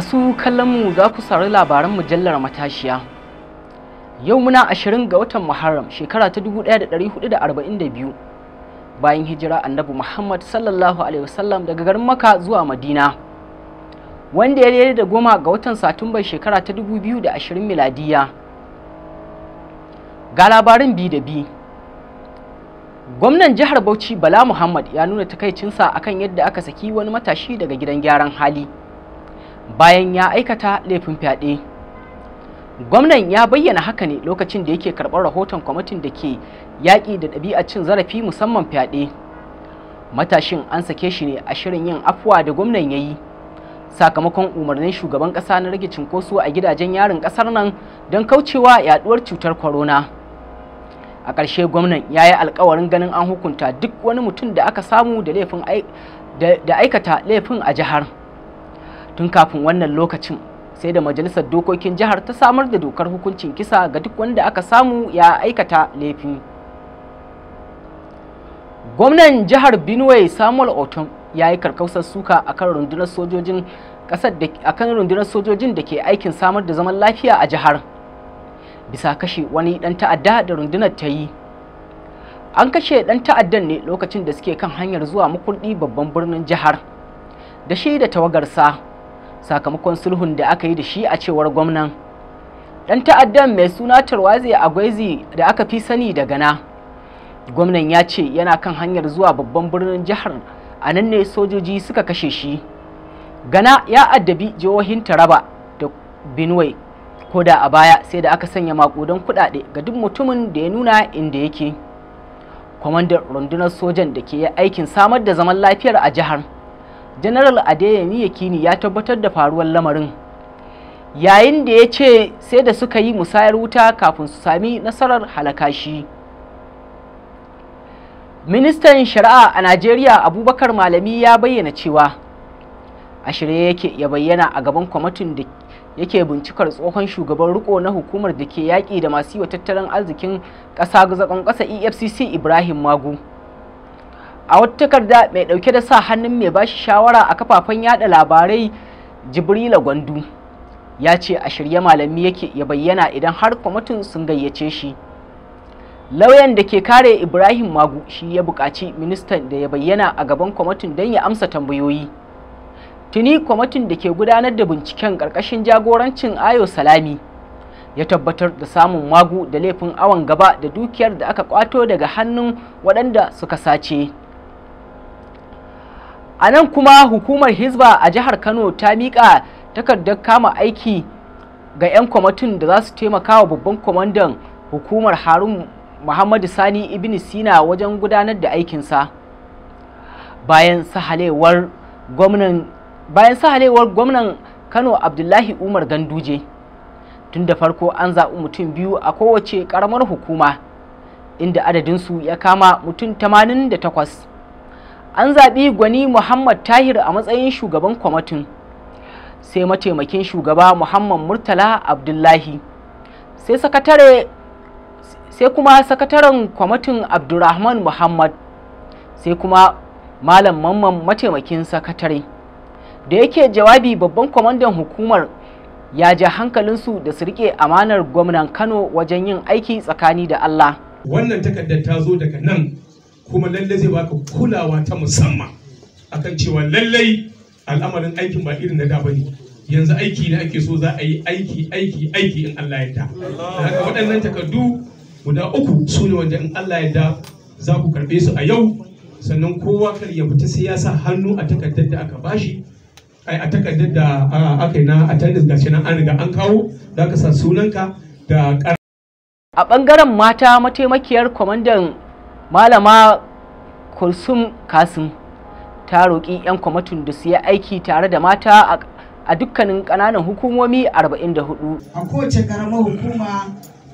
Masu mu za ku sari labaran mujallar matashiya. Yau muna ashirin ga watan Muharram shekara ta 1442 bayan hijira annabi Muhammad sallallahu Alaihi wasallam daga garin Maka zuwa Madina. Wanda ya daidai da goma ga watan Satumbar shekara ta 2020 miladiya. Ga labarin bi da bi. Gwamnan jihar Bauchi Bala Muhammad ya nuna takaicinsa akan yadda aka saki wani matashi daga gidan gyaran hali. bayan ya aikata laifin fyaɗe gwamnan ya bayyana haka ne lokacin da yake karɓar rahoton kwamitin da ke yaƙi da ɗabi'a cin zarafi musamman fyaɗe matashin an sake shi ne a shirin yin afuwa da gwamnan ya yi sakamakon umarnin shugaban ƙasa na rage cinkoso a gidajen yarin ƙasar nan don kaucewa yaɗuwar cutar corona a ƙarshe gwamnan ya yi alƙawarin ganin an hukunta duk wani mutum da aka samu da aikata laifin a jihar. tun kafin wannan lokacin sai da majalisar dokokin jihar ta samar da dokar hukuncin kisa ga duk wanda aka samu ya aikata laifin gwamnan jihar benue samuel otom ya yi karkausar suka akan rundunar rundunar sojojin da ke aikin samar da zaman lafiya a jihar bisa kashe wani dan ta'adda da rundunar ta yi an kashe dan ta'addan ne lokacin da suke kan hanyar zuwa makurdi babban birnin jihar da shi da tawagarsa sakamakon sulhun da aka yi da shi a cewar gwamnan dan ta'addan mai suna tarwaze a gwaizi da aka fi sani da gana gwamnan ya ce yana kan hanyar zuwa babban birnin jihar a nan ne sojoji suka kashe shi gana ya addabi jihohin taraba da benue ko da a baya sai da aka sanya makudan kuɗaɗe ga duk mutumin da ya nuna inda yake kwamandan rundunar sojan da ke aikin samar da zaman lafiyar a jihar general adeyemi Yekini ya tabbatar da faruwar lamarin yayin da ya ce sai da suka yi musayar wuta kafin su sami nasarar halakashi ministan shari'a a najeriya abubakar malami ya bayyana cewa a shirye yake ya bayyana a gaban kwamitin da yake bincikar tsohon shugaban riko na hukumar da ke yaƙi da masu yi wa tattalin arzikin ƙasa zagon ƙasa efcc ibrahim magu a wata takarda mai dauke da sa hannun mai bashi shawara a kafafen yada labarai jibrila gwandu ya ce a shirye malami yake ya bayyana idan har kwamitin sun gayyace shi lauyan da ke kare ibrahim magu shi ya buƙaci ministan da ya bayyana a gaban kwamitin don ya amsa tambayoyi tuni kwamitin da ke gudanar da binciken ƙarƙashin jagorancin ayo salami ya tabbatar da samun magu da laifin awon gaba da dukiyar da aka kwato daga hannun waɗanda suka sace. a nan kuma hukumar hizba a jihar kano ta miƙa takardar kama aiki ga 'yan kwamitin da za su taimaka wa babban kwamandan hukumar harun muhammadu sani ibn sina wajen gudanar da aikinsa bayan sahalewar gwamnan bayan sahalewar gwamnan kano abdullahi umar ganduje tun da farko an zaɓi mutum biyu a kowace ƙaramar hukuma inda adadinsu ya kama mutum 88 an zaɓi gwani muhammad tahir a matsayin shugaban kwamitin sai mataimakin shugaba muhammad murtala abdullahi sai kuma sakataren kwamatin abdurrahman muhammad sai kuma malam mamman mataimakin sakatare da yake jawabi babban kwamandan hukumar ya ja hankalinsu da su riƙe amanar gwamnan kano wajen yin aiki tsakani da allah wannan takardar ta zo daga nan kuma lallai zai baka kulawa ta musamman akan cewa lallai al'amarin aikin ba irin na da bane yanzu aiki ne ake so za a yi aiki aiki aiki in Allah ya da haka waɗannan takardu guda uku su ne wanda in Allah ya da za ku karɓe su a yau sannan kowa kar ya fita sai ya sa hannu a takardar da aka bashi ai a takardar da aka yi na attendance gashi nan an riga an kawo za ka sa sunanka da a ɓangaren mata mataimakiyar kwamandan malama kulsum kasim ta roƙi 'yan kwamitin da su yi aiki tare da mata a dukkanin ƙananan hukumomi 44 a kowace ƙaramar hukuma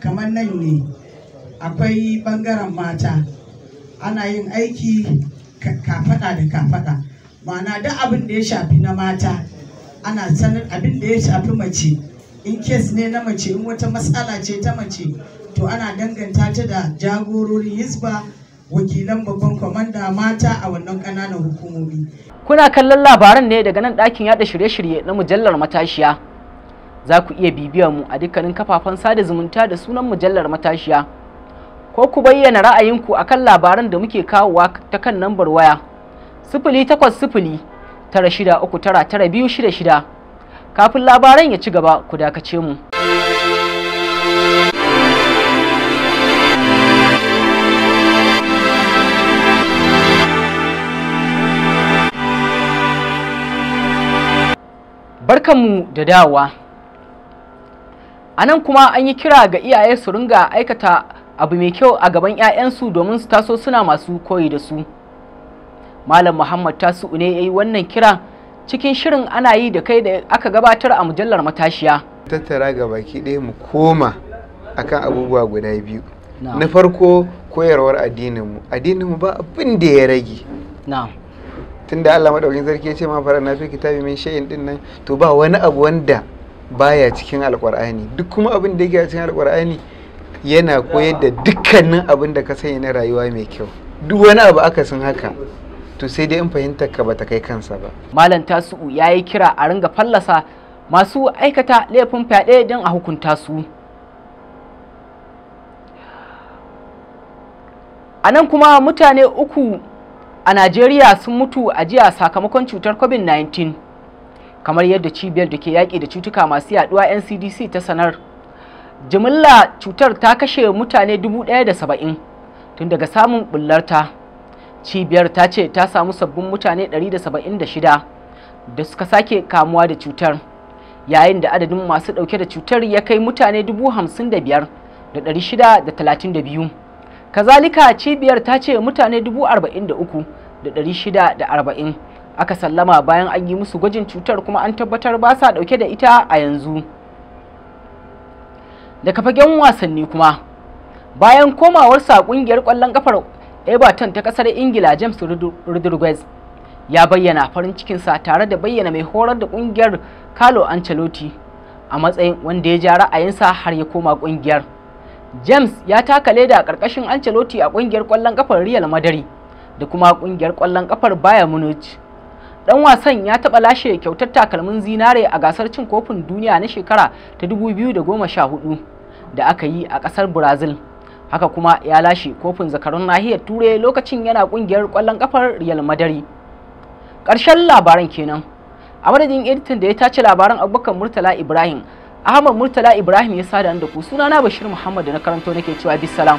kamar nan ne akwai ɓangaren mata ana yin aiki kafaɗa da kafaɗa ma'ana duk abin da ya shafi na mata ana sanar abin da ya shafi mace in kes ne na mace in wata matsala ce ta mace to ana danganta ta da jagororin hisba wakilan babban kwamanda mata a wannan ƙananan hukumomi. Kuna kallon labaran ne daga nan ɗakin yaɗa shirye-shirye na mujallar matashiya. Za ku iya bibiyar mu a dukkanin kafafen sada zumunta da sunan mujallar matashiya. Ko ku bayyana ra'ayinku a kan labaran da muke kawowa ta kan lambar waya. Sifili takwas sifili tara shida uku tara tara biyu shida shida. Kafin labaran ya ci gaba ku dakace mu. barkanmu da dawowa a nan kuma an yi kira ga iyaye su ringa aikata abu mai kyau a gaban 'ya'yansu domin su taso suna masu koyi da su malam muhammad tasu ne ya yi wannan kira cikin shirin ana yi da kai da aka gabatar a mujallar matashiya tattara ga baki ɗaya mu koma kan abubuwa guda biyu na farko koyarwar addininmu addininmu ba abin da ya rage tunda Allah maɗaukin sarki ya ce ma fara na fi kitabi min shay'in din nan to ba wani abu wanda baya cikin Alƙur'ani, duk kuma abin da yake a cikin Alƙur'ani yana koyar da dukkanin abin da ka sanya na rayuwa mai kyau duk wani abu aka sun haka to sai dai in fahimta ka bata kai kansa ba malam tasu'u yi kira a ringa fallasa masu aikata laifin fyaɗe don a hukunta su a nan kuma mutane uku a Najeriya sun mutu a jiya sakamakon cutar COVID-19 kamar yadda cibiyar da ke yaƙi da cutuka masu yaduwa NCDC ta sanar. Jimilla cutar ta kashe mutane 1,070 tun daga samun bullarta. Cibiyar ta ce ta samu sabbin mutane 176 da suka sake kamuwa da cutar yayin da adadin masu ɗauke da cutar ya kai mutane 55,632. kazalika cibiyar ta ce mutane 43,640 aka sallama bayan an yi musu gwajin cutar kuma an tabbatar ba sa dauke da ita a yanzu daga fagen wasanni kuma bayan komawarsa kungiyar kwallon kafar everton ta kasar ingila james rodriguez ya bayyana farin cikinsa tare da bayyana mai horar da kungiyar carlo ancelotti a matsayin wanda ya ja ra'ayinsa har ya koma kungiyar. James ya taka leda a ƙarƙashin Ancelotti a ƙungiyar ƙwallon ƙafar Real Madrid da kuma ƙungiyar ƙwallon ƙafar Bayern Munich. Ɗan wasan ya taɓa lashe kyautar takalmin zinare a gasar cin kofin duniya na shekara ta 2014 da aka yi a ƙasar Brazil. Haka kuma ya lashe kofin zakarun nahiyar Turai lokacin yana ƙungiyar ƙwallon ƙafar Real Madrid. Ƙarshen labaran kenan. A madadin editan da ya tace labaran Abubakar Murtala Ibrahim Ahmad Murtala Ibrahim ya sada da ku sunana Bashir Muhammad da na karanto nake cewa bisalam. salam.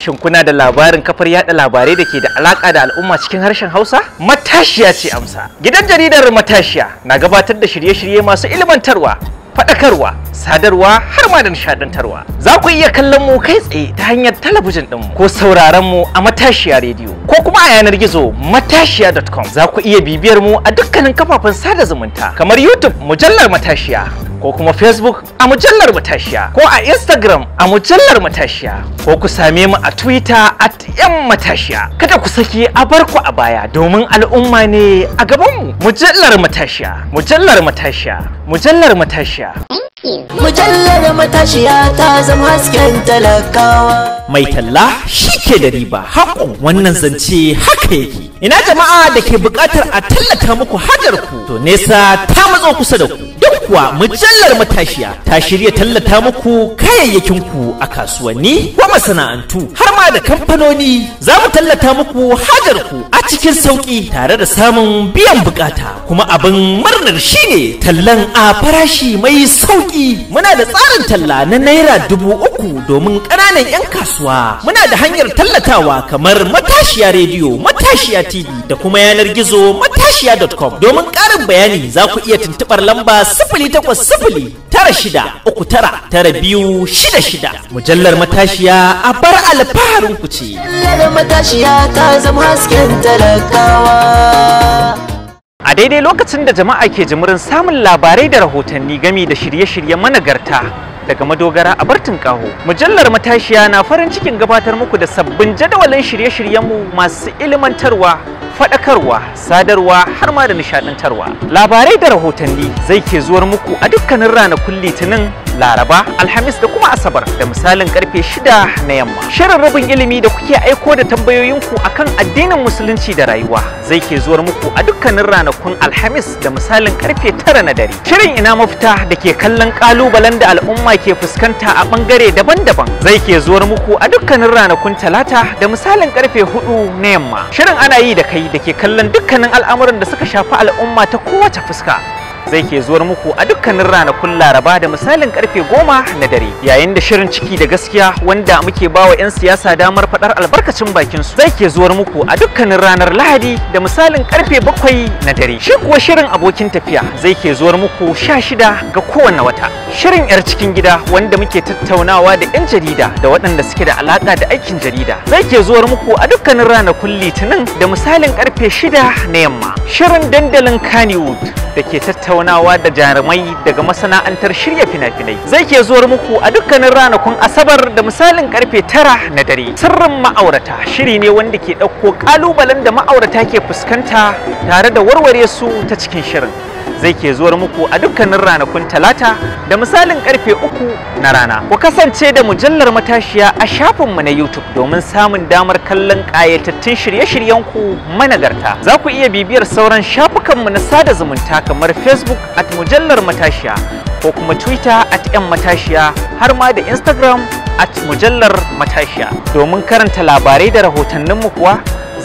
Shin kuna da labarin kafar yada labarai da ke da alaka da al'umma cikin harshen Hausa? Matashiya ce amsa. Gidan jaridar Matashiya na gabatar da shirye-shirye masu ilmantarwa, faɗakarwa, sadarwa har ma da nishadantarwa. Za ku iya kallon mu kai tsaye ta hanyar talabijin ɗin ko sauraron mu a matashiya rediyo ko kuma a yanar gizo matashiya.com. Za ku iya bibiyar mu a dukkanin kafafen sada zumunta kamar YouTube mujallar matashiya. ko kuma facebook a mujallar matashiya ko a instagram a mujallar matashiya ko ku same mu a twitter at yan matashiya kada ku saki a barku a baya domin al'umma ne a gaban mu. mujallar matashiya mujallar matashiya mujallar matashiya Mujallar matashiya ta zama hasken talakawa. Mai talla shi ke da riba haƙo wannan zance haka yake. Ina jama'a da ke buƙatar a tallata muku hajar ku to nesa ta matso kusa da ku. kuwa mujallar matashiya ta shirya tallata muku kayayyakin ku a kasuwanni ko masana'antu har da kamfanoni za mu tallata muku hajar ku a cikin sauƙi tare da samun biyan bukata kuma abin murnar shine tallan a farashi mai sauƙi muna da tsarin talla na naira dubu uku domin ƙananan 'yan kasuwa muna da hanyar tallatawa kamar matashiya rediyo matashiya tv da kuma yanar gizo matashiya.com domin ƙarin bayani za ku iya tuntuɓar lamba sifili takwas sifili tara shida uku tara tara biyu shida shida mujallar matashiya a bar alfahari halin ku ce A daidai lokacin da jama'a ke jimurin samun labarai da rahotanni gami da shirye shiryen managarta daga madogara a Bartin Kaho. Mujallar Matashiya na farin cikin gabatar muku da sabbin jadawalin shirye-shiryenmu masu ilimantarwa, faɗakarwa, sadarwa har ma da nishaɗantarwa. Labarai da rahotanni zai ke zuwar muku a dukkanin ranakun Litinin laraba alhamis da kuma asabar da misalin karfe shida na yamma shirin rubin ilimi da kuke aiko da tambayoyinku akan addinin musulunci da rayuwa zai ke zuwar muku a dukkanin ranakun alhamis da misalin karfe tara na dare shirin ina mafita da ke kallon kalubalen da al'umma ke fuskanta a bangare daban-daban zai ke zuwar muku a dukkanin ranakun talata da misalin karfe hudu na yamma shirin ana yi da kai da ke kallon dukkanin al'amuran da suka shafi al'umma ta kowace fuska zai ke zuwar muku a dukkanin ranakun laraba da misalin karfe goma na dare yayin da shirin ciki da gaskiya wanda muke bawa 'yan siyasa damar faɗar albarkacin bakin su zai ke zuwar muku a dukkanin ranar lahadi da misalin karfe bakwai na dare shi kuwa shirin abokin tafiya zai ke zuwar muku sha shida ga kowane wata shirin 'yar cikin gida wanda muke tattaunawa da 'yan jarida da waɗanda suke da alaƙa da aikin jarida zai ke zuwar muku a dukkanin ranakun litinin da misalin karfe shida na yamma shirin dandalin kannywood da ke tattaunawa tattaunawa da jarumai daga masana'antar shirya fina-finai zai ke zuwar muku a dukkanin ranakun asabar da misalin karfe tara na dare sirrin ma'aurata shiri ne wanda ke ɗauko ƙalubalen da ma'aurata ke fuskanta tare da warware su ta cikin shirin zai ke zuwar muku a dukkanin ranakun talata da misalin karfe uku na rana ku kasance da mujallar matashiya a shafinmu na youtube domin samun damar kallon ƙayatattun shirye-shiryen ku managarta za ku iya bibiyar sauran shafukanmu na sada zumunta kamar facebook at mujallar matashiya ko kuma twitter at 'yan matashiya har ma da instagram at mujallar matashiya domin karanta labarai da rahotanninmu kuwa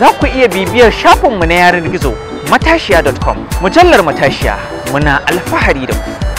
za ku iya bibiyar shafinmu na yanar gizo matashiya.com mujallar matashiya muna alfahari da ku